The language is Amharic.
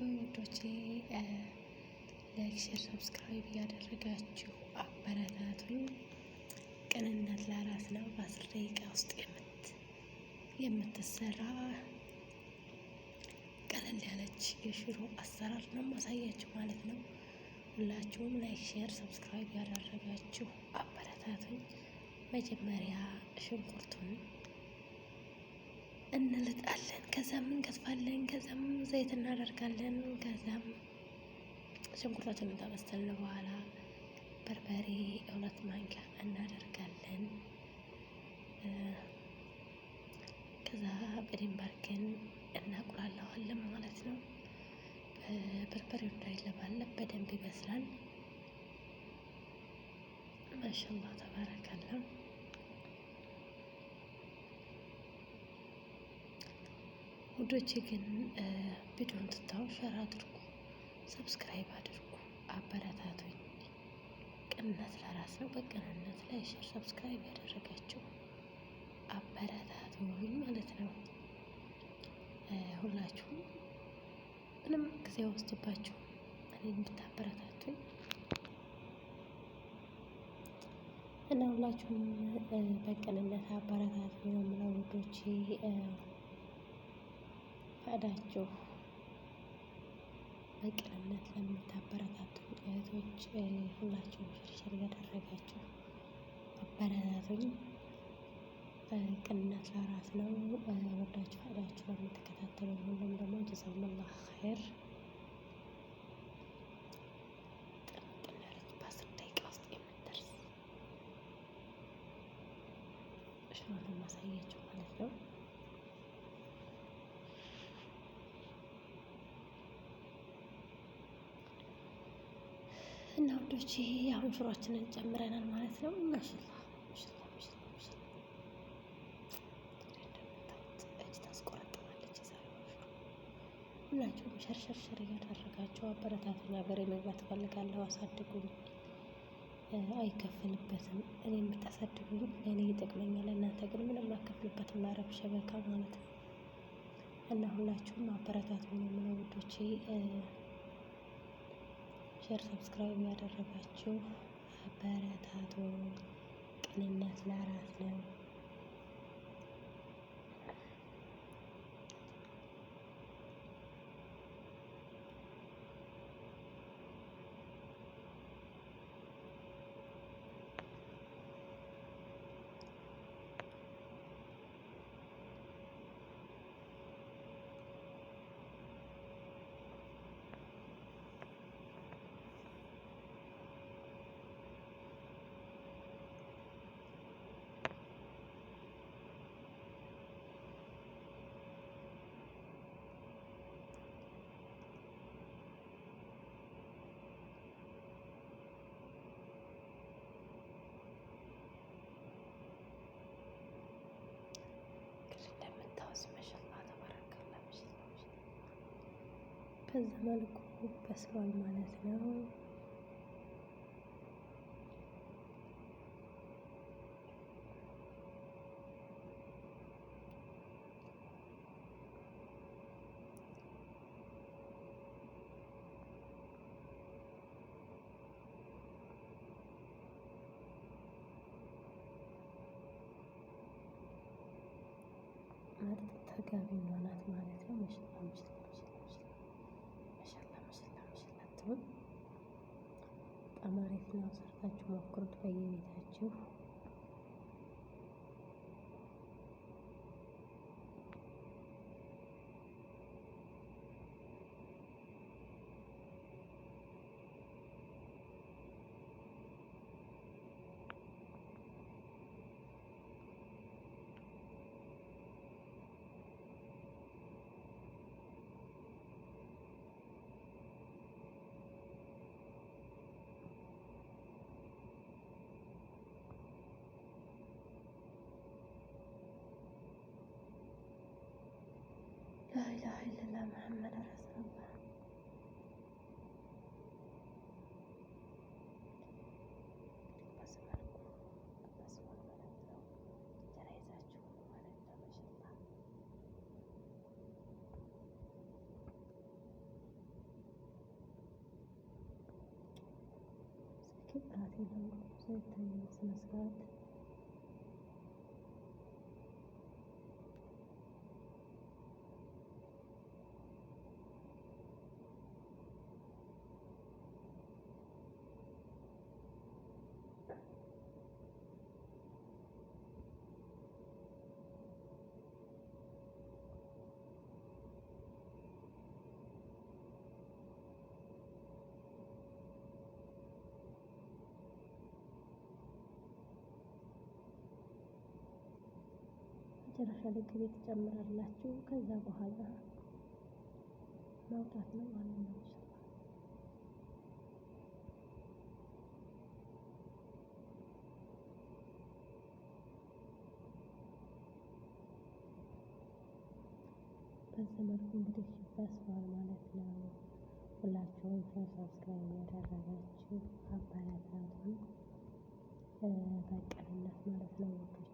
ነው ውዶቼ። ላይክ፣ ሼር፣ ሰብስክራይብ እያደረጋችሁ አበረታቱኝ። ቅንነት ለራስ ነው። በአስር ደቂቃ ውስጥ የምትሰራ ቀለል ያለች የሽሮ አሰራር ነው ማሳያችሁ ማለት ነው። ሁላችሁም ላይክ ሼር ሰብስክራይብ ያደረጋችሁ አበረታቱኝ። መጀመሪያ ሽንኩርቱን እንልጣለን። ከዛም እንከትፋለን። ከዛም ዘይት እናደርጋለን። ከዛም ሽንኩርታችን ታበሰልን በኋላ በርበሬ ሁለት ማንኪያ እናደርጋለን። ከዛ በደንብ አድርገን እናቁላለዋለን ማለት ነው። በርበሬው እንዳይለባለ በደንብ ይበስላል። ማሻአላህ ተባረካለን። ውዶቼ ግን ቪዲዮን ትታው ሸር አድርጉ፣ ሰብስክራይብ አድርጉ፣ አበረታቶኝ ቅንነት ለራስ ነው። በቅንነት ላይ ሸር ሰብስክራይብ ያደረጋቸው አበረታቶኝ ማለት ነው። ሁላችሁም ምንም ጊዜ ወስድባችሁ እኔ እንድታበረታቱኝ እና ሁላችሁም በቅንነት አበረታቶኝ ነው የምለው ውዶቼ ፈቃዳችሁ በቅንነት ለምታበረታቱ እህቶች ሁላችሁም ሽርሽር እያደረጋችሁ አበረታቱኝ። ቅንነት ለራስ ነው። ወዳችሁ ፈቅዳችሁ ለምትከታተሉ ሁሉም ደግሞ ጀዛኩሙላህ ኸይር። በአስር ማለት ነው። እና ውዶች አሁን ሽሯችንን ጨምረናል ማለት ነው። ማሻላ ማሻላ ማሻላ ማሻላ እጅ ታስቆረጥማለች ሁላችሁም ሸርሸርሸር እያደረጋችሁ አበረታቱኝ። ሀገሬ መግባት እፈልጋለሁ፣ አሳድጉኝ፣ አይከፍልበትም። እኔ የምታሳድጉኝ ለእኔ ይጠቅመኛል፣ እናንተ ግን ምንም አከፍልበትም። አረብ ሸበካ ማለት ነው እና ሁላችሁም አበረታቱኝ የምለው ውዶቼ ሼር፣ ሰብስክራይብ ያደረጋችሁ አበረታቶ ቅንነት ለራስ ነው። በዛ መልኩ በስሏል ማለት ነው። ማለት ተጋቢ ይሆናል ማለት ነው። ነው። በጣም አሪፍ ነው። ሰርታችሁ ሞክሩት በየቤታችሁ። ላኢላሀ ኢለላህ መሐመድ ረሱሉላህ ሰዓት መጨረሻ ላይ ቅቤ ትጨምራላችሁ። ከዛ በኋላ ማውጣት ነው ማለት ነው። በዚህ መልኩ እንግዲህ በስሏል ማለት ነው። ሁላችሁም ሰብስክራይብ ያደረጋችሁ ማለት ነው።